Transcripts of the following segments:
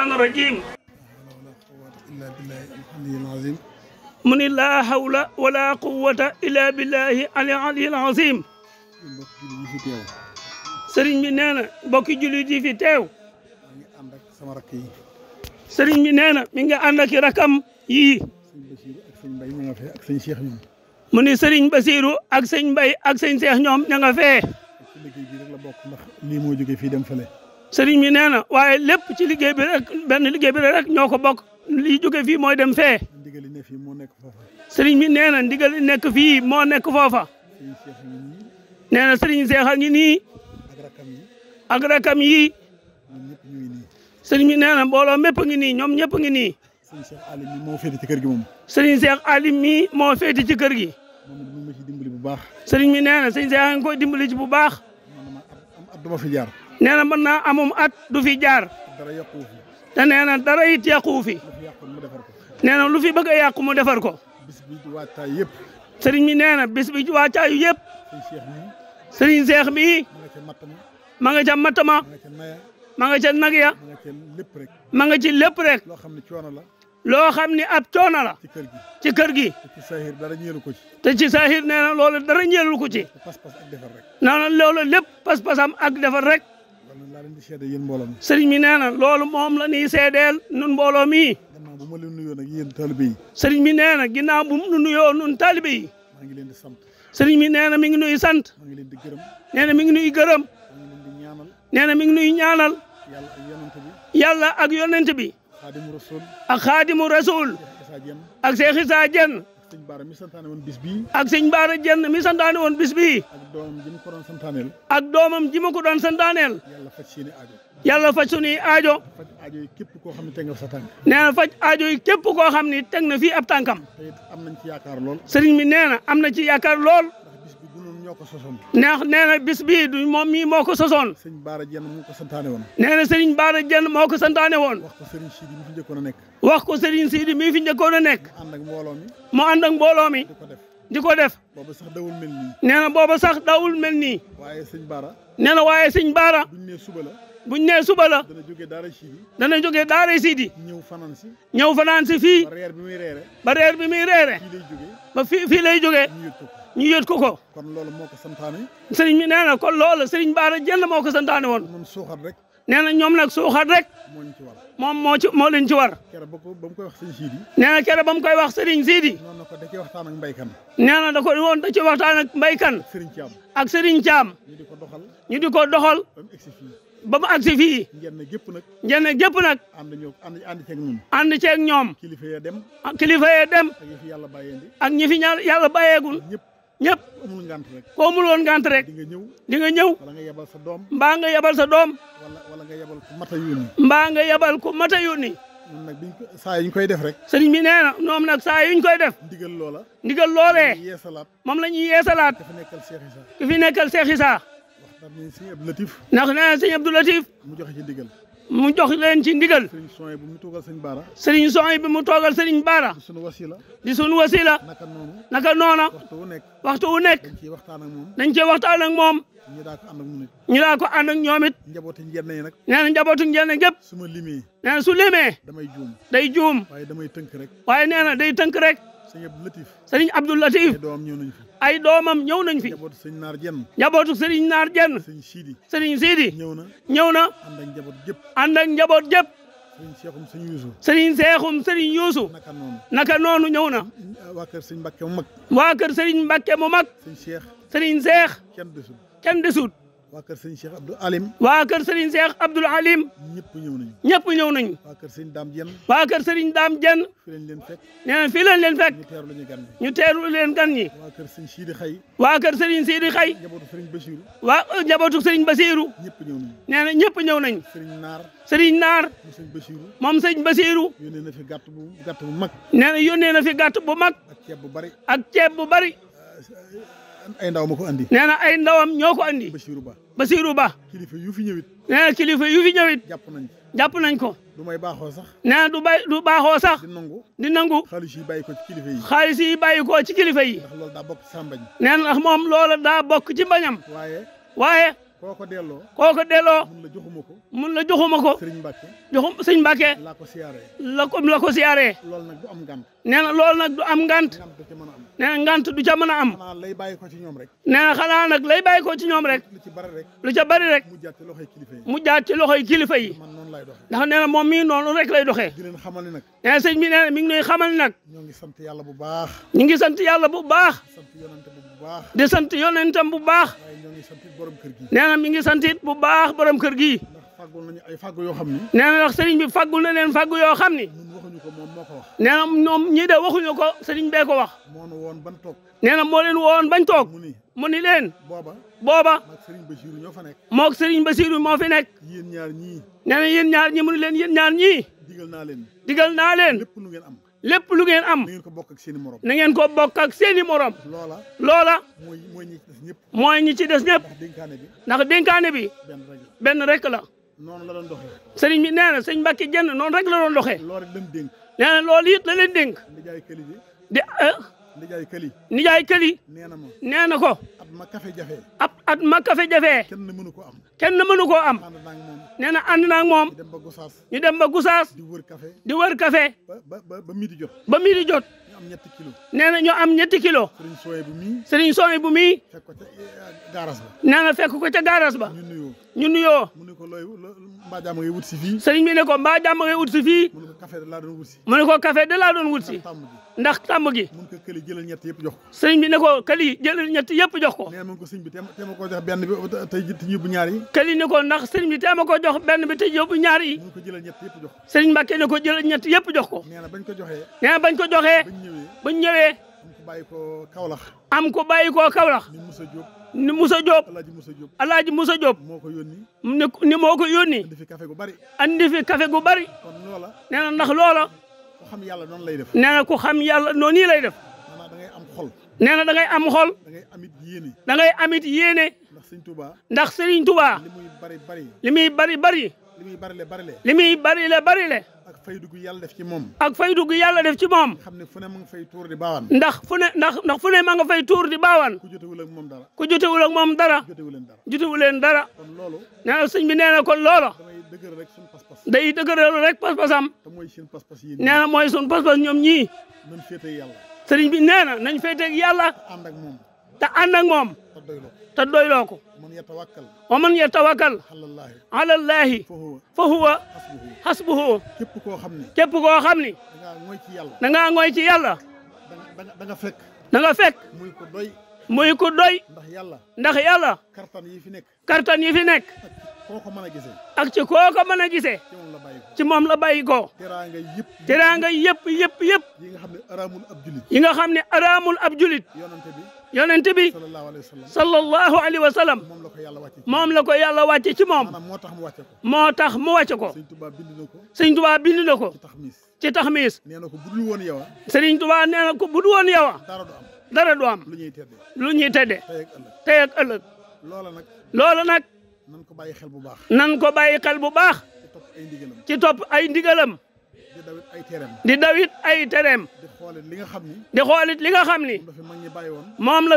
الشيطان الرجيم من لا حول ولا قوة إلا بالله العلي العظيم sëriñ bi nee na mbokki jullit yi fi teew sëriñ bi nee na mi nga ànd ak rakam yii mu ni sëriñ Basiiru ak sëñ Mbay ak sëñ Seex ñoom ña nga fee liggéey bi rek la bokk ndax lii moo jóge fii dem fële sëriñ bi nee na waaye lépp ci liggéey bi rek benn liggéey bi rek ñoo ko bokk lii jóge fii mooy dem fee. sëriñ bi nee na nekk fii moo nekk foofa. nee na sëriñ Seex a ngi nii. ak rakam yi. sëriñ bi nee na mbooloo mépp a ngi nii ñoom ñëpp a ngi nii. sëriñ Seex Alim moo féete ci kër gi moom. sëriñ Seex Alim mi moo féete ci kër gi. sëriñ bi nee na sëriñ Seex a ngi koy dimbali ci bu baax. am at du ma fi jaar. nee na mën naa amum at du fi jaar te nee na dara it yàquwu fi nee na lu fi bëgg a yàqu mu defar ko sëriñ bi nee na bis bi waacaayu yëpp sëriñ seex mi ma nga ca mattama ma nga ca nag ya ma nga ci lépp rek loo xam ni ab coono la ci kër gi te ci saahir nee na loolu dara ñeelu ko ci nee na loolu lépp pas-pasam ak defar rek sëriñ mi nee na loolu moom la ñuy seedeel nun mbooloo mii. sëriñ mi nee na ginnaaw bu mu nuyoo nun taalibe yi. sëriñ mi nee na mi ngi nuyu sant. nee na mi ngi nuyu gërëm. nee na mi ngi nuy ñaanal. yàlla ak yonent bi. ak xaadimu rasul. ak Seex Isaa Jeen. sëñ Baara mi santaane woon bis bii. ak sëñ Baara jenn mi santaane woon bis bii. ak doomam ji ma ko doon santaaneel. ak doomam ji ma ko doon santaaneel. yàlla faj seeni aajo. yàlla faj suñuy aajo. faj aajo yi képp koo xam ne teg nga sa tànk. nee yi képp koo xam ne teg na ab tànkam. am nañ ci yaakaar lool. sëriñ bi nee na am na ci yaakaar lool. ñoo ko sosoon. neex nee na bis bii du moom mii moo ko sosoon. sëñ Baara Jenn moo ko santaane woon. nee na sëñ Baara Jenn moo ko santaane woon. wax ko Serigne Sidi mi fi njëkkoon a nekk. wax ko Serigne Sidi mi fi njëkkoon a nekk. mu ànd ak mbooloo mi. mu ànd ak mbooloo mi. di ko def. booba sax dawul mel nii. nee booba sax dawul mel nii. waaye sëñ Baara. nee na waaye sëñ Baara. buñ nee suba la. buñ nee suba la. dana jógee Daara Sidi. dana jógee Daara Sidi. ñëw fanaan si. ñëw fanaan si fii. ba bi muy reere. ba reer bi muy reere. ba fii fii lay jógee. ñu yët ko ko. kon loolu moo ko santaane. sëriñ bi nee na kon loolu sëriñ Baara Jëll moo ko santaane woon. moom suuxat rek. nee na ñoom nag suuxat rek. moo ñu ci war moom moo ci moo leen ci war. keroog ba ko ba mu koy wax sëriñ Sidi. nee na ba mu koy wax sëriñ Sidi. nee na ko da cee waxtaan ak mbéykan. nee na da ko woon da ci waxtaan ak mbéykan. ak sëriñ Thiam. ak sëriñ Thiam. ñu di ko doxal. ñu di ko doxal. ba mu agsi fii. njënd gépp nag. njënd gépp nag. ànd ñoo ànd ceeg ñoom. ànd ceeg ñoom. kilifa yee dem. kilifa dem. ak ñi fi yàlla bàyyee. ak ñi fi yàlla bàyyeegul. ñëpp. ñëpp koo amul woon ngant rek di nga ñëw mbaa nga yebal sa doom mbaa nga yebal ku mata yónni ñun nag biñ saa yuñ koy def rek sëriñ bi nee na ñoom nag saa yuñ koy def ndigal loola ndigal loolee moom la ñuy yeesalaat ku fi nekkal Cheikh Issa ndax nee na sëñ Abdou la mu joxe ci ndigal mu jox leen ci ndigal. Serigne Soy bi mu toogal Serigne Baara. Serigne Soy bi mu toogal Serigne Baara. di sunu wasila. di sunu wasila. naka noonu. naka noona. waxtu wu nekk. waxtu wu nekk. dañ cee waxtaan ak moom. dañ cee waxtaan ak moom. ñu daa ko ànd ak ñoom it. ñu daa ko ànd ak ñoom it. njabootu njëriñ yi nag. nee na njabootu njëriñ gépp. su ma su limee. damay juum. day juum. waaye damay tënk rek. waaye nee day tënk rek. sëñ Abdou Latif sëñ Abdou Latif ay doomam ñëw nañ fi njabootu sëñ Naar Jenn njabootu sëñ Naar Jenn sëñ Sidi sëñ Sidi ñëw na ñëw na ànd ak njaboot ànd ak njaboot jëpp sëriñ seexum sëriñ yuusu sëriñ seexum sëriñ yuusu naka noonu ñëw na waa kër sëriñ Mbàkke mu mag waa kër sëriñ Mbàkke mu mag sëriñ Seex sëriñ Seex kenn desut kenn desut waa kër Serigne Cheikh Abdou Alim. waa kër Serigne Cheikh Abdoul Alim. ñëpp ñëw nañu. ñëpp ñëw nañu. waa kër Serigne Dame Dieng. waa kër Serigne Dame Dieng. fii lañ leen fekk. nee na fii lañ leen fekk. ñu teeru lañu gan ñi. ñu teeru leen gan ñi. waa kër Serigne Sidi Xay. waa kër Serigne Sidi Xay. njabootu Serigne Bassirou. waa euh, njabootu Serigne Bassirou. ñëpp ñëw nañu. nee na ñëpp ñëw nañu. Serigne Naar. Serigne Naar. moom Serigne Bassirou. moom Serigne Bassirou. yónnee na fi gàtt bu gàtt bu mag. nee na yónnee na fi gàtt bu mag. ak ceeb bu bari. ak ceeb bu bari. Euh, ay ndaw ma ay ndawam ñoo ko andi. Basiirou Ba Basiirou Ba. kilifa yu fi ñëwit. nee na kilifa yu fi ñëwit. jàpp nañ ko jàpp nañ ko. du may baaxoo sax. nee na du bay du baaxoo sax. di nangu di nangu. xaalis yi bàyyi ko ci kilifa yi. xaalis yi bàyyi ko ci kilifa yi. ndax loolu daa bokk ci sa mbañ. nee moom loola daa bokk ci mbañam. waaye. waaye. koo ko delloo ko delloo mun la joxuma ko mun la joxuma ko sëriñ Mbàkke joxum sëriñ Mbàkke la ko siyaaree la ko la ko siyaaree loolu nag du am ngant nee na loolu nag du am ngant nee na ngant du ca mën am xanaa lay bàyyi ko ci ñoom rek nee na xanaa nag lay bàyyi ko ci ñoom rek lu ci bari rek lu ca bari rek mu jaat ci loxoy kilifa mu jaat ci loxoy kilifa yi man noonu lay ndax nee na moom mii noonu rek lay doxee di leen xamal ni nag nee na sëñ na mi ngi nuy xamal nag ñoo ngi sant yàlla bu baax ñu ngi sant yàlla bu baax di sant yonentam bu baax nee na mi ngi santit bu baax borom kër gi. fàggul nañu ay fàggu yoo xam ni. nee na ndax sëriñ bi fàggul na leen fàggu yoo xam ni. ñun waxuñu ko moom moo ko wax. ñoom ñii de waxuñu ko sëriñ bee ko wax. moo nu woon ban toog. nee na moo leen woon bañ toog. mu ni mu ni leen. booba booba. moog sëriñ ba ñoo fa nekk. moog sëriñ Basiiru moo fi nekk. yéen ñaar ñii. nee na yéen ñaar ñii mu ni leen yéen ñaar ñii. digal naa leen. digal naa leen. lépp lu am. lépp lu ngeen am na ko bokk ak seeni morom na ngeen ko bokk ak seeni morom loola loola mooy ñi ci des ñëpp mooy ñi ci des ñëpp ndax dénkaane bi benn rek la noonu la doon doxee sëriñ bi nee na sëñ Mbàkke jenn noonu rek la doon doxee nee na loolu it la leen dénk di eh? nijaay këli nijaay këli nee na ma nee na ko at ma kafe jafee ab at ma kafe jafee kenn mënu ko am kenn mënu koo am nee na ànd moom ñu dem ba gusaas ñu dem ba gusaas di wër kafe di wër kafe ba ba ba jot ba midi jot am ñetti kilo nee na ñoo am ñetti kilo sëriñ sooy bu mii sëriñ sooy bu mii fekk ko ca eh, gaaras ba nee na fekk ko ca ñu nuyoo mu ko looy mbaa jàmm ngay wut si fii sëriñ bi ne ko mbaa jàmm ngay wut si fii mu ne ko café da laa doon wut si mu ne ko café da laa doon wut ndax tàmm gi mu ne ko këli jëlal ñett yëpp jox ko sëriñ bi ne ko këli jëlal ñett yëpp jox ko nee bi te ma ko jox benn bi tey te yóbbu ñaar yi bi te ma ko jox benn bi te yóbbu ñaar yi mu ne ko jëlal yëpp jox ko sëriñ Mbàkke ko jëlal ñett yëpp jox bañ ko joxee nee bañ ko joxee bu ñu ñëwee. am ko bàyyi ko Kaolack. am ko bàyyi ko Kaolack. ni Moussa Diop. ni Moussa Diop. Alaaji Moussa Diop. Alaaji Moussa Diop. moo ko yónni. ni ni moo ko yónni. andi fi café gu bari. andi fi kafe gu bari. kon ndax loola. ku xam yàlla noonu lay def. nee na ku xam yàlla noonu nii lay def. maanaam da ngay am xol. nee na da ngay am xol. da ngay amit yéene. da ngay amit yéene. ndax Serigne Touba. ndax li muy bari bari. li muy bari bari. li muy bari bari le. li muy bari le bari le. ak faydu gu yàlla def ci moom. ak faydu gu yàlla def ci moom. xam ne fu ne ma nga fay tuur di baawaan. ndax fu ne ndax ndax fu ne ma nga fay tuur di baawaan. ku jotewul ak moom dara. ku jotewul ak moom dara. jotewu leen dara. kon loolu. nee na sëñ bi nee na kon loolu. day dëgëral rek suñu pas-pas. day dëgëral rek pas-pasam. nee na pas-pas ñoom ñii. nañ féetee yàlla. sëriñ bi nee na nañ féetee yàlla. te ànd ak moom. te doyloo ko. wa man yatawakkal ala llaahi fa huwa hasbuhu képp koo xam ne képp koo xam ne da ngaa ngooy ci yàlla fekk da fekk muy ku doy. ndax yàlla. ndax yàlla. kartan yi fi nekk. kartan yi fi nekk. koo ko a gisee. ak ci koo ko mën a gisee. ci moom la bàyyi ko. teraanga yëpp. teraanga yëpp yëpp yëpp. yi nga xam ne araamul ab julit. yi nga xam ne araamul ab julit. yonente bi. yonente bi. sallallahu alayhi wa sallam. moom la ko yàlla wàcce. moom la ko yàlla wàcce ci moom. moo tax mu wàcce ko. moo tax mu wàcce ko. sëñ Tuubaa bind na ko. sëñ Tuubaa bind na ko. ci taxmiis. ci taxmiis. ko budul woon yow. sëriñ ko budul woon yow. dara du dara du am lu ñuy tedde tay ak ëlëk loolu nak loolu nak nan ko bayyi xel bu baax nan ko bayyi xel bu baax ci top ay ndigeelam di dawit ay terem di dawit ay tereem di xoolit li nga xamni ni di xoolit li nga xam ni la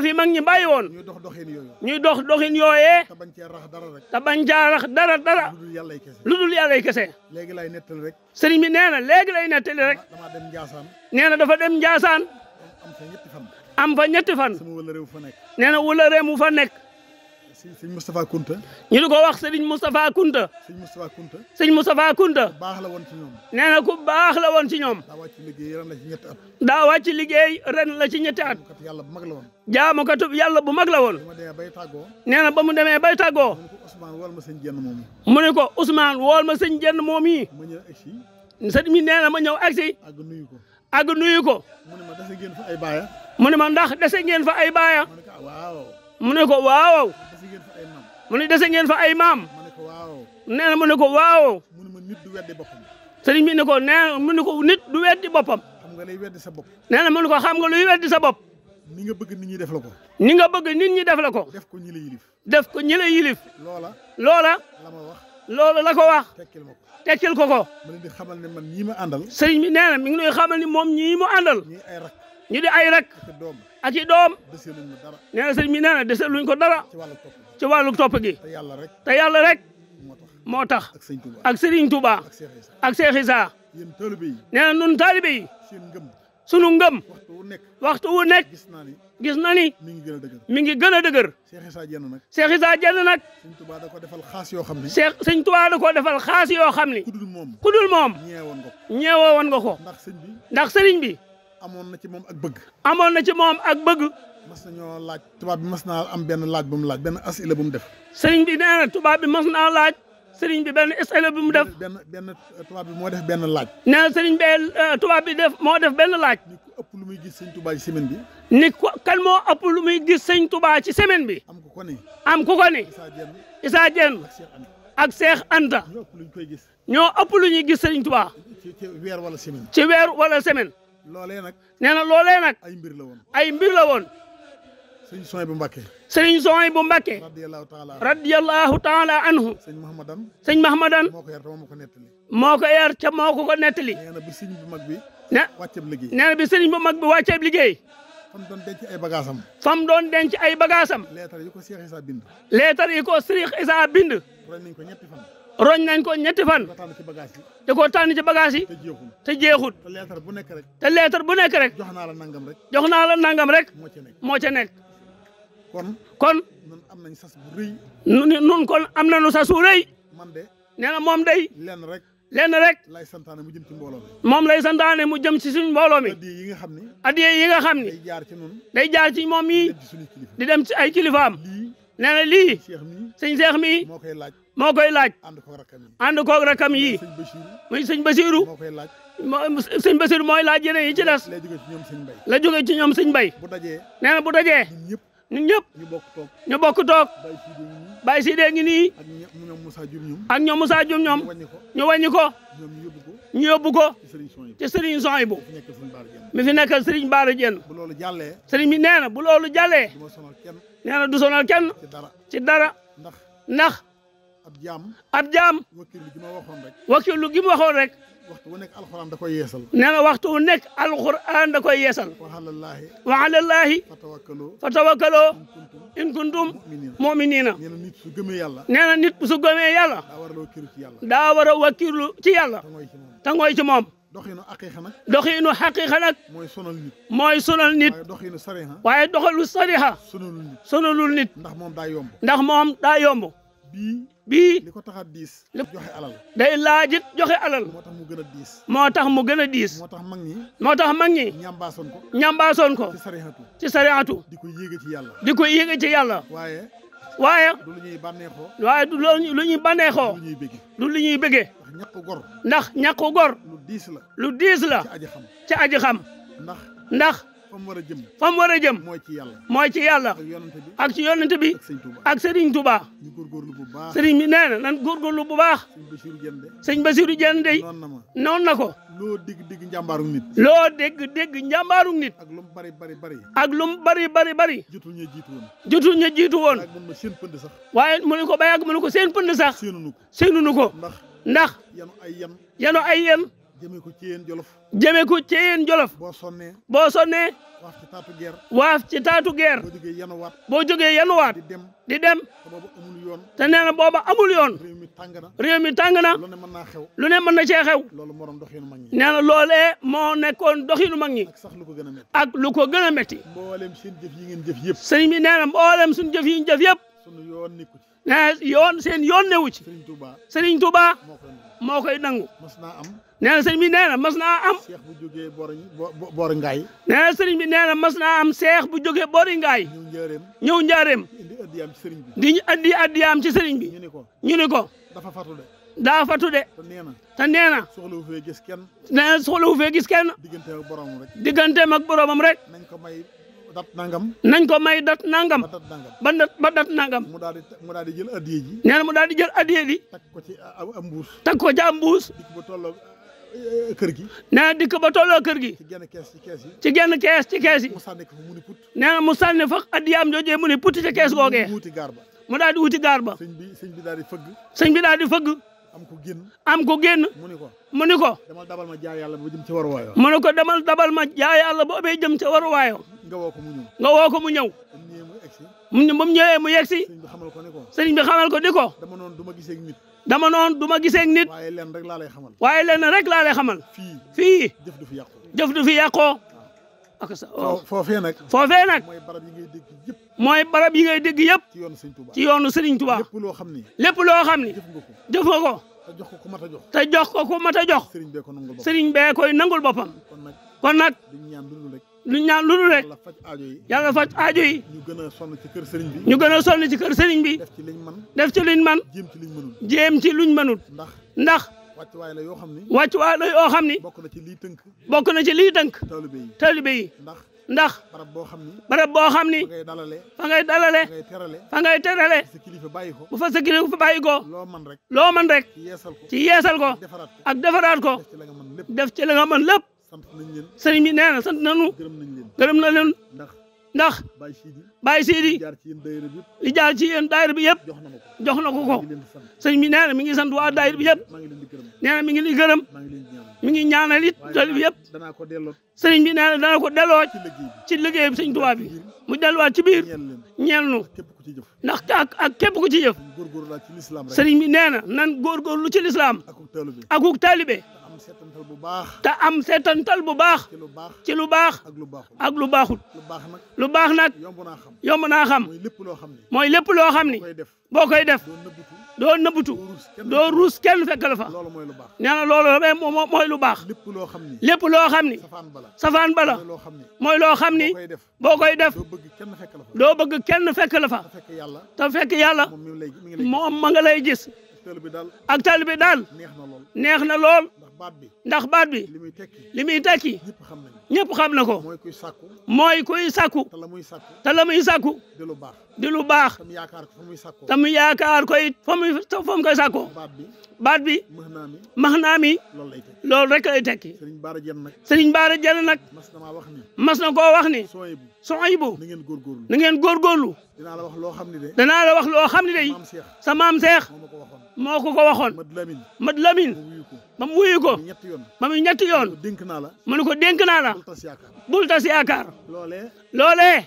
fi mag ñi bayyi won ñuy dox doxine yooyu ñuy dox doxin yooyee te bañ ci rax dara rek te bañ cee rax dara dara lu dul yàllay kese lu dul yàllay kese léegi lay netal rek serigne bi nee na lay netal rek dama dem njaasan nee dafa dem njaasan am fa ñetti fan am fa ñetti fan. sama wala réew wu nekk. nee wala réew mu fa nekk. sëñ Moustapha Kounta. ñu di ko wax sëñ Moustapha Kounta. sëñ Moustapha Kounta. sëñ Moustapha Kounta. ku baax la woon ci ñoom. nee na baax la woon ci ñoom. daa wàcc liggéey ren la ci ñetti at. daa wàcc liggéey ren la ci ñetti at. yàlla bu mag la woon. jaamukatu yàlla bu mag la woon. nee na ba mu demee bay tagoo mu ne ko Ousmane wool ma sëñ jenn moom yi. mu ne ko Ousmane wool ma sëñ jenn moom yi. sëñ mi nee na ma ñëw agsi. àgg nuyu ko. àgg nuyu ko. mu ma dese ngeen fa ay baaya. mu ne ma ndax dese ngeen fa ay baaya. mu ne ko waaw. mu ne dese ngeen fa ay maam. nee na mu ne ko waaw. mu ne ma nit du weddi boppam. sëriñ bi ne ko nee na mu ne ko nit du weddi boppam. xam nga lay weddi sa bopp. nee na ko xam nga luy weddi sa bopp. ni nga bëgg nit ñi def la ko. ni nga bëgg nit ñi def la ko. def ko ñi la yilif. def ko ñi la yilif. loola. loola. loolu la ko wax. tekkil ma ko ko ko. ma leen xamal ne man ñii ma àndal. sëriñ bi nee na mi ngi lay xamal ni moom ñii mu àndal. ñii ñu di ay rak. ak doom ak i doom. dese luñ ko dara. nee na sëriñ dese luñ ko dara. ci wàllu topp gi ci wàllu topp gi. yàlla rek te yàlla rek. moo tax ak sëriñ Touba ak sëriñ Touba. ak Cheikh Issa. yéen taalibe yi. nee na ñun taalibe seen ngëm. sunu ngëm waxtu wu nekk gis na ni mi ngi gën a dëgër Cheikh Issa Dieng nag Cheikh Issa Dieng nag Sëñ Tuubaa da ko defal xaas yoo xam ne Cheikh Sëñ Tuubaa da ko defal xaas yoo xam ni ku moom ku dul moom ñeewoo woon nga ko ndax sëriñ bi amoon na ci moom ak bëgg amoon na ci moom ak bëgg mas nañoo laaj tubaab bi mas naa am benn laaj bu mu laaj benn asila bu mu def sëriñ bi nee na bi mas naa laaj sëriñ bi benn esale bi mu def. benn benn euh, tubaab bi moo def benn laaj. nee na sëriñ euh, tubaab bi def moo def benn laaj. ni ëpp lu muy gis sëñ tubaa ci bi. ni ko kan moo ëpp lu muy gis sëñ tubaa ci semaine bi. am ku ko ni am ku ko ni Issa Diène ak Cheikh Anta. ñoo ëpp lu koy gis. ñoo ëpp lu ñuy gis sëriñ tubaa. ci weer wala semaine. ci weer wala semaine. loolee nag. nee na loolee nag. ay mbir la woon ay mbir woon. sëriñ Soy bu Mbakke. radiyallahu taala anhu. sëñ Mahamadan. sëñ Mahamadan. moo ko yar te moo ko nettali. moo ko yar te moo ko ko nettali. bi sëriñ bu mag bi. na wàcceeb liggéey. bi sëriñ bu mag bi wàcceeb liggéey. fam don denc ay bagasam fam doon denc ay bagaasam. leetar yi Cheikh Issa bind. leetar yi Cheikh Issa bind. roñ nañ ko ñetti fan. roñ ko ci yi. te te bu rek. te bu rek. la nangam rek. la nangam rek. kon kon. am nañ sas bu rëy. ñun kon am nañu sas bu rëy. man de. nee moom day. lenn rek. lenn rek. lay santaane mu jëm ci mbooloo mi. moom lay santaane mu jëm ci suñ mbooloo mi. addiya yi nga xam ni. addiya yi nga xam ni. day jaar ci ñun. day jaar ci moom yi di dem ci ay kilifaam. lii nee na lii. sëñ Cheikh mi moo koy laaj. moo koy laaj. ànd koog rakam yi. ànd koog rakam yi. si sëñ Basiru. moo koy laaj. moo sëñ Basiru mooy laaj yeneen yi ci des. la jóge ci ñoom sëñ Bay. la jóge ci ñoom sëñ Bay. bu dajee. nee bu dajee. ñun ñun ñëpp ñu bokk toog ñu bokk toog Baye Sidé ngi nii ak ñoom Moussa Dioum ñoom ñu wàññi ko ñu yóbbu ko ci Serigne Souhaïbou mi fi nekkal Serigne Bara Diène Serigne bi nee bu loolu jàllee nee na du sonal kenn ci dara ndax ab jaam ab jaam wakilu gi ma waxoon rek waxtu wu nekk alxuraan da koy yeesal. na waxtu wu nekk alxuraan da koy yeesal. wa alallaahi. wa alallaahi. fatawakkaloo. fatawakkaloo. in kuntum mu'miniina. nee na nit su gëmee yàlla. na nit su gëmee yàlla. daa war a wakkilu ci yàlla. daa war a wakkilu ci yàlla. tangooy ci moom. doxiinu xaqiiqa nag. mooy sonal nit. mooy sonal nit. waaye doxiinu sariha. waaye doxalu sariha. sonalul nit. sonalul ndax moom daa yomb. ndax moom daa bii li ko tax a diis joxe alal day laajit joxe alal moo tax mu gën a diis moo tax mu gën a diis moo tax mag ñi moo tax mag ñi ñambaasoon ko ñambaasoon ko ci sariatu ci sariatu di ko yéege ci yàlla di ko yéege ci yàlla waaye waaye du lu ñuy bànneexoo waaye du lu ñuy bànneexoo du lu ñuy bëggee ndax ñàkku gor ndax ñàkku gor lu diis la lu diis la ci aji xam ci aji xam ndax ndax fa mu war a jëm fa war a jëm mooy ci yàlla mooy ci yàlla ak ci yonent bi ak Serigne Touba Serigne bi nee na nan góorgóorlu bu baax sëñ Basiru Jeen dey noonu na ko loo digg dégg njàmbaarug nit loo dégg dégg njàmbaarug nit ak lum bari bari bari ak lum bari bari bari jotul ñu jiitu jotul ñu jiitu woon seen pënd waaye mu ne ko ba yàgg ne ko seen pënd sax seenunu ko ndax ndax yanu ay yan yanu ay yan jëmee ko ci yéen jolof. jëmee ko ci jolof. boo sonnee. boo sonnee. waaf ci taatu geer. waaf ci taatu geer. boo jógee yanuwaat. boo jógee yanuwaat. di dem di dem. te booba amul yoon. te nee na booba amul yoon. réew mi tàng na. réew mi tàng na. lu ne mën naa xew. lu ne mën na cee xew. loolu moo doon doxinu mag ñi. nee na loolee moo nekkoon doxinu mag ñi. ak sax lu ko gën a métti. ak lu ko gën a métti. mboolem seen jëf yi ngeen jëf yëpp. sëñ bi nee na jëf yi ñu jëf yëpp. nee yoon seen yoon newu ci Serigne Touba moo koy nangu mas na sëriñ bi nee na mas naa am seex bu jógee boori ngaay nee na sëriñ bi nee na mas naa am seex bu jógee boori ngaay ñëw njaareem di addi addiyaam ci sëriñ bi ñu ni ko dafa fatu de daa fatu de te nee na soxlawu fee gis kenn nee na soxlawu fee gis kenn digganteem ak boromam rek nañ ko may dat nangam. nañ ko may dat nangam. ba dat nangam ba dat ba dat nangam. mu daal di mu daal di jël addiye ji. nee na mu daal di jël addiye ji. takk ko ci am mbuus. takk ko ci am mbuus. Eh, eh, kër gi. nee na dikk ba tolloo kër gi. ci genn kees ci kees ci genn kees ci kees yi. mu sànni ko fa mu ni put. nee na mu sànni fa addiyaam joojee mu ni put ci kees googee. mu daal di wuti gaar ba. mu daal di wuti gaar ba. sëñ bi sëñ bi daal di fëgg. sëñ bi daal di fëgg. am ko génn am ko génn mu ni ko mu ni ko damal dabal ma jaay yàlla ba jëm ca war waayo mu ni ko damal dabal ma jaay yàlla ba bay jëm ca war waayo nga woo ko mu ñëw nga woo ko mu ñëw mu ne ba mu ñëwee mu si bi xamal ko ni ko sëriñ bi xamal ko ni ko dama noonu du ma gisee nit dama noonu du ma gisee ak waaye lenn rek laa lay xamal waaye lenn rek laa xamal fii fii jëf du fi yàqoo ak sa oh. foofee nag foofee nag mooy barab yi ngay dégg yëpp mooy barab yi ngay dégg yëpp ci yoonu Sëriñ Tuubaa ci yoonu Sëriñ Tuubaa lépp loo xam ni lépp ko te jox ko ku mat a jox te ko ku mat a jox sëriñ bee koy nangul boppam kon nag lu ñaan lu dul rek yàlla faj aajo yi ñu gën a sonn ci kër sëriñ bi ñu a sonn ci kër sëriñ bi def ci liñ man def ci liñ man jéem ci luñ mënul jéem ndax wàccuwaay la yoo xam ni. wàccuwaay la yoo xam ni. bokk na ci lii tënk. bokk na ci lii tënk. taalibe yi taalibe yi. ndax barab boo xam ni. barab boo xam ni. fa ngay dalale. fa ngay dalale. fa ngay terale. fa fa sa ko. bu fa sa kilifa bàyyi ko. loo man rek. loo man ci yeesal ko. ci yeesal ko. ak defaraat ko. def ci la nga mën lépp. sant nañ leen. sëriñ na sant nañu. gërëm na leen. ndax Baye Sidi li jaar ci yéen daayira bi yëpp jox na ko ko sëñ bi nee na mi ngi sant waa daayira bi yëpp nee na mi ngi li gërëm mi ngi ñaanal it tali bi yëpp sëñ bi nee na dana ko delloo ci liggéey bi sëñ Tuubaa bi mu delluwaat ci biir ñeel nu ndax ak ak képp ku ci jëf seriñ bi nee na nan lu ci lislaam akuk taalibe am seetantal bu baax. te am seetantal bu baax. ci lu baax ci lu baax. ak lu baaxul ak lu baaxul. lu baax nag lu baax nag. yomb naa xam yomb naa xam. mooy lépp loo xam ni. mooy lépp loo xam ni. boo koy def doo nëbbutu doo ruus kenn fekk la fa nee na loolu moom mooy lu baax lépp loo xam ni safaan bala mooy loo xam ni boo koy def doo bëgg kenn fekk la fa ta fekk yàlla moom ma nga lay gis ak taalibe bi daal neex na lool. ndax baat bi li muy tekki ñëpp xam na ko mooy kuy sàkku te la muy sàkku te la muy sàkku di lu di lu baax te mu yaakaar ko it fa muy fa mu koy sàkkoo baat bi max naa mi loolu rek lay tekki sëriñ Baara Jeen nag mas na koo wax ni Suhaybu na ngeen góorgóorlu danaa la wax loo xam ne de danaa la wax loo xam ne de sa maam Seex moo ko ko waxoon Mat Lamin ba mu wuyu ko ba mu ñetti yoon mu ne ko dénk naa la bul tas yaakaar loolee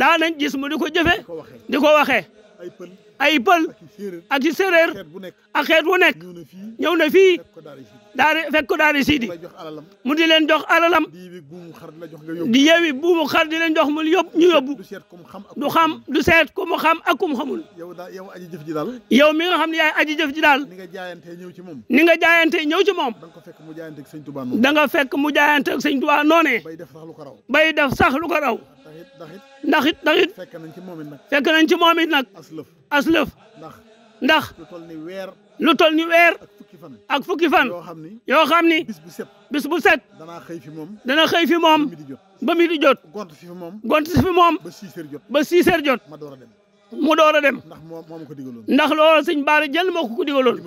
daan nañ gis mu di ko jëfe di ko waxee ay pël ay pël ak ci séeréer ak xeet wu nekk ñëw na fii daal di fekk ko daal di siidi mu di leen jox alalam di yeewi buumu xar di leen jox mu yóbbu ñu yóbbu du xam du seet ku mu xam ak ku mu xamul yow mi nga xam ne yaay aji jëf ji daal ni nga jaayantee ñëw ci moom ni nga jaayantee ñëw ci moom da nga fekk mu jaayante ak sëñ Tuubaa noonee bay def sax lu ko raw ndax it ndax it fekk nañ ci moom it nag as lëf ndax lu toll ni weer lu toll ni weer ak fukki fan yoo xam ni bis bu set dana xëy fi moom dana xëy fi moom ba mi di jot gont si fi moom gont si fi moom ba six heures jot ba six heures jot ma door a dem mu door a dem ndax moo ma ko digaloon ndax loolu sëñ Bara jël moo ko ko digaloon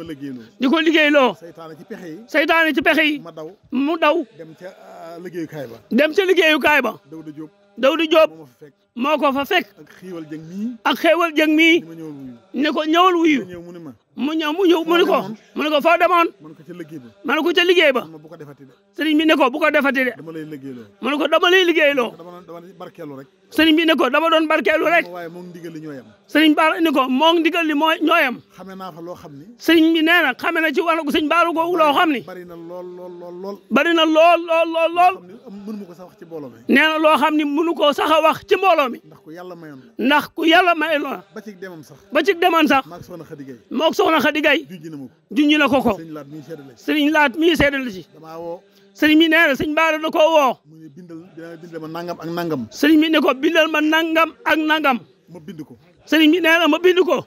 di ko liggéeyloo saytaane ci pexe yi saytaane ci pexe yi ma daw mu daw dem ca ah, liggéeyukaay ba dem ca liggéeyukaay ba Dawda Diop Dawda moo ko fa fekk. ak xéewal jëng mii. ak xéewal jëng mii. ne ko ñëwal wuyu. mu ñëw mu ñëw mu ne ko. mu ne ko foo demoon. mu ne ko ca liggéey ba. mu ne ko ca liggéey ba. sëriñ bi ne ko bu ko defati de. dama lay liggéeyloo. mu ne ko dama lay liggéeyloo. dama doon barkeelu rek. sëriñ bi ne ko dama doon barkeelu rek. waaye moom ndigal li ñooyam. sëriñ Ba ne ko moom ndigal li mooy ñooyam. xame naa fa loo xam ni. sëriñ bi nee na xame na ci wàllu sëriñ Baaru googu loo xam ni. bari na lool lool lool lool. bari na lool lool lool lool. nee na loo xam ni mënu ko sax a wax ci mbooloo mbooloo mi. ndax ku yàlla mayoon la. ndax ku yàlla mayoon la. ba ci demam sax. ba ci demoon sax. maag soxna Khady Gaye. maag soxna Khady Gaye. ko. ko ko. Laat mii seedal la ci. sëñ mii seedal la ci. da koo woo. mu ne bindal ma nangam ak nangam. sëriñ mi ne ma bind ko.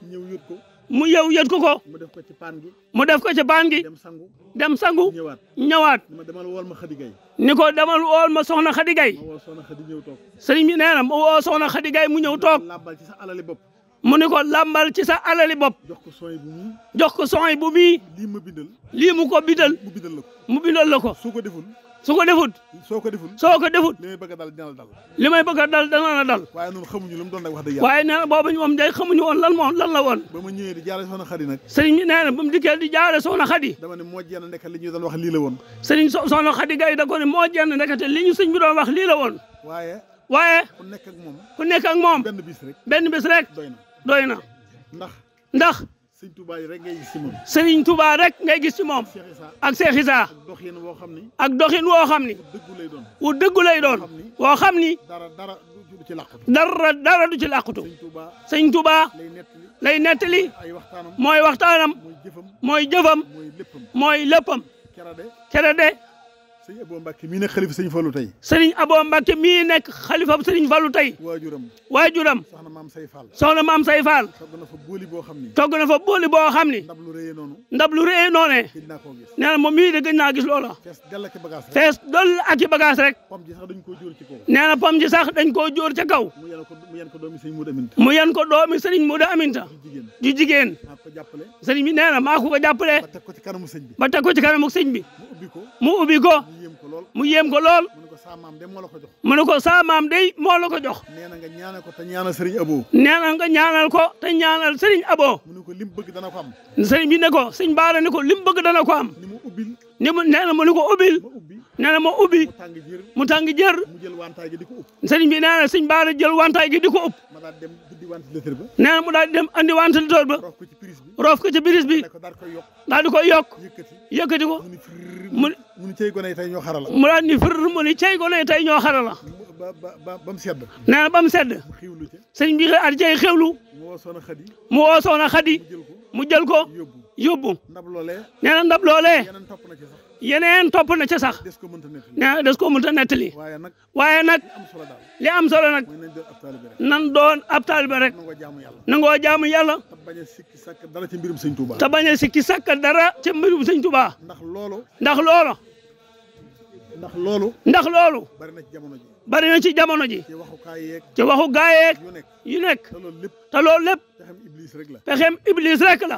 mu yow yët ko ko. mu def ko ci paan gi. mu def ko ci paan gi. dem sangu. dem sangu ñëwaat. ñëwaat. ni ko demal wool ma Khady Gaye. ni ko demal ma Soxna Khady Gaye. ma woo Soxna Khady ñëw toog. sëriñ bi nee na ma woo Soxna Khady mu ñëw toog. laabal ci sa alali bopp. mu ni ko làmbal ci sa alali bopp jox ko sooy bu mii jox ko ma bindal lii mu ko bindal mu bindal la ko mu bindal la ko su ko deful su ko defut soo ko deful soo ko defut li may bëgg a dal dina la dal li may bëgg a dal dana la dal waaye noonu xamuñu lu mu doon nag wax dëgg waaye nee na moom day xamuñu woon lan moom lan la woon ba ma ñëwee di jaare soxna xadi nag sëriñ bi nee na ba mu dikkee di jaare na xadi dama ne moo jenn nekkate li ñu doon la woon sëriñ soxna xadi gay da doon wax ku nekk ak moom ku nekk ak moom rek benn bis rek na doy na ndax ndax sëriñ Touba rek ngay gis ci moom rek ngay gis ci moom ak Cheikh Issa ak doxin woo xam ni ak doxin woo xam ni wu dëggu lay doon woo xam ni dara dara du ci làqutu dara dara du ci làqutu sëriñ Touba lay nettali mooy waxtaanam mooy jëfam mooy léppam kere de sëriñ Abo Mbacke mii nekk xalifa sëriñ Fallou tey. sëriñ Abo Mbacke mii nekk xalifa sëriñ Fallou tey. waajuram waajuram. soxna maam Say Fall. soxna maam Say Fall. togg na fa booli boo xam ni. togg na fa booli boo xam ni. ndab lu rëyee noonu. ndab lu rëyee noonee. gëj naa koo gis. nee na moom mii de gëj naa gis loola. fees dell ak i bagage rek. fees dell ak i bagage rek. pom ji sax dañ koo jóor ci kaw. nee na pom ji sax dañ koo jóor ca kaw. mu yan ko mu yan ko doomi sëriñ Muudu Aminta. mu yan ko doomi sëriñ Muudu Aminta. ju jigéen sëriñ bi nee na maa ko ko jàppale. ba teg ko ci kanamu sëñ bi. mu ubbi ko mu yem ko lol mu ne ko saa maam de mo la ko jox neena nga ñaanal ko te ñaanal serigne abo neena nga ñaanal ko te ñaanal serigne abo mu ne ko lim bëgg dana ko am sëriñ bi ne ko sëriñ baara ne ko ni mu ubbil ni mu ko ubbil nee na ma mu tàng jër mu bi neena serigne baara jël wantaay gi diko upp neena mu daal dem andi wante lettre ba rof ko ci prise bi roof ko ci prise bi daal di koy yokk ko mu ni cey gone ñoo xarala. mu daal ni fir cey gone tey ñoo xarala. ba ba ba mu sedd. nee na ba mu sedd. sëñ bi at cey xewlu. mu woo soxna Xadi. mu woo soxna Xadi. mu jël ko yóbbu. nee na ndab loolee. yeneen topp na ca sax nee des ko mënta nettali waaye nag li am solo nag nan doon ab taalibe rek nangoo jaamu yàlla ta bañ a sikki sàkk dara ci mbirum sëñ Tuubaa ndax loolu ndax loolu ndax loolu ndax loolu bari na ci jamono ji bari na ci jamono ji ci waxu gaa yeeg ci waxu gaa yeeg yu nekk te loolu lépp pexem iblis la pexem iblis rek la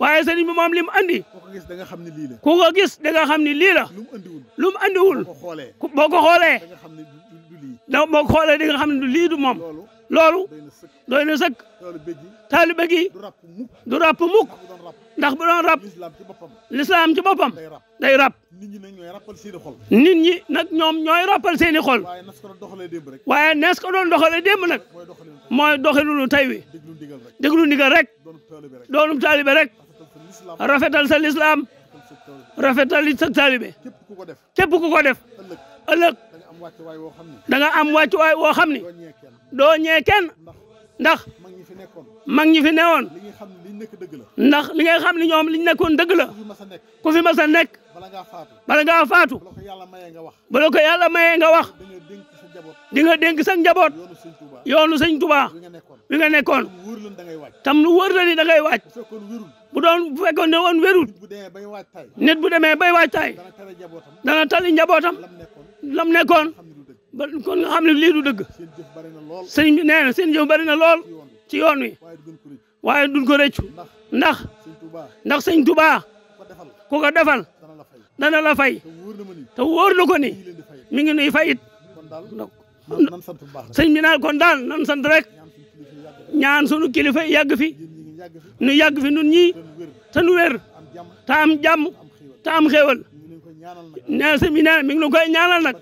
waaye sëriñ bi moom li mu andi. ku ko gis da nga xam ne lii la. ku ko gis da nga xam ne lii la. lu mu andiwul. lu mu andiwul. boo ko xoolee. boo ko xoolee. da nga xam ne du lii. da boo ko xoolee da nga xam ne lii du moom. loolu doy na sëkk. taalibe gi. du ràpp mukk. ndax bu doon ràpp. lislaam ci boppam. day ràpp. nit ñi nag ñooy ràppal seeni xol. nit ñi nag ñoom ñooy ràppal seeni xol. waaye nees ko doon doxalee démb rek. waaye nees ko doon doxalee démb nag. mooy doxalinu tey wi. déglu ndigal rek. doonum taalibe rek. rafetal sa lislaam rafetal sa taalibe képp ku ko def ëllëg da nga am waay woo xam ni doo ñee kenn ndax mag ñi fi newoon ndax li ngay xam ni ñoom li ñu nekkoon dëgg la ku fi mas a nekk bala ngaa faatu bala ko yàlla mayee nga wax di nga dénk sa njaboot yoonu sëñ Tuubaa wi nga nekkoon tam lu wóor la ni da ngay wàcc bu doon bu fekkoon ne woon wérul nit bu demee bay waajtaay dana tali njabootam lam nekkoon ba kon nga xam ne lii du dëgg sëñ bi nee na seen jëf bari na lool ci yoon wi waaye duñ ko rëccu ndax ndax sëñ Tuubaa ku ko defal dana la fay te wóor na ko ni mi ngi nuy fayit sëñ bi naan kon daal nan sant rek ñaan sunu kilifa yàgg fi nu yàgg fi nun ñii te nu wér te am jàmm te am xéewal nee si mi nee mi ngi lu koy ñaanal nag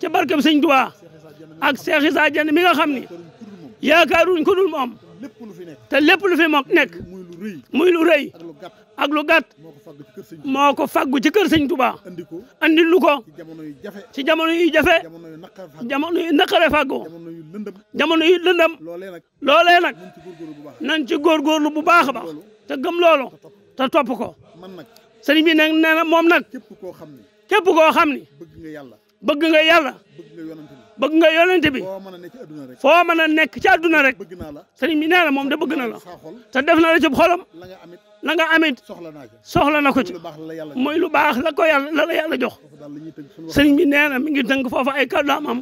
ci barkeb sëñ Tuubaa ak Seex Isaa mi nga xam ni yaakaaruñ ko dul moom te lépp lu fi moom nekk muy lu rëy ak lu gàtt moo ko faggu ci kër sëñ Touba andi ko andi lu ko ci jamono yu jafe jamono yu naqare faggu jamono yi lëndam loolee nag nañ ci góorgóorlu bu baax a baax te gëm loolu te topp ko sëriñ bi nag nee na moom nag képp koo xam ni bëgg nga yàlla bëgg nga yàlla bëgg nga yonente bi foo mën a nekk ci àdduna rek sëriñ bi nee na moom de bëgg na la te def na la ci xolam la nga amit soxla na ko ci mooy lu baax la ko yàlla la la yàlla jox sëriñ bi nee na mi ngi tënk foofu ay kàddu am am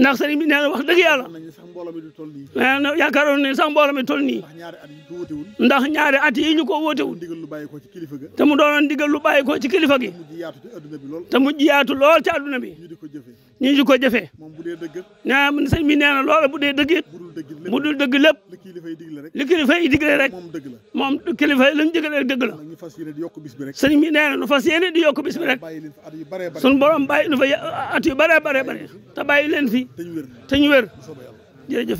ndax sëriñ bi nee na wax dëgg yàlla nee na yaakaaroon ne sax mbooloo mi toll nii ndax ñaari at yi ñu ko wóotewul te mu doonoon ndigal lu bàyyi ko ci kilifa gi te mu jiyaatu lool ci àdduna bi ñu ngi ko jëfee naa sëñ loola bu dee dëgg it bu dul dëgg lépp li kilifa yi digle rek moom kilifa yi lañ digle rek dëgg la sëñ bi nee na nu fas yéene di yokk bis bi rek suñu borom bàyyi bare bare te bàyyi leen fi te ñu wér jërëjëf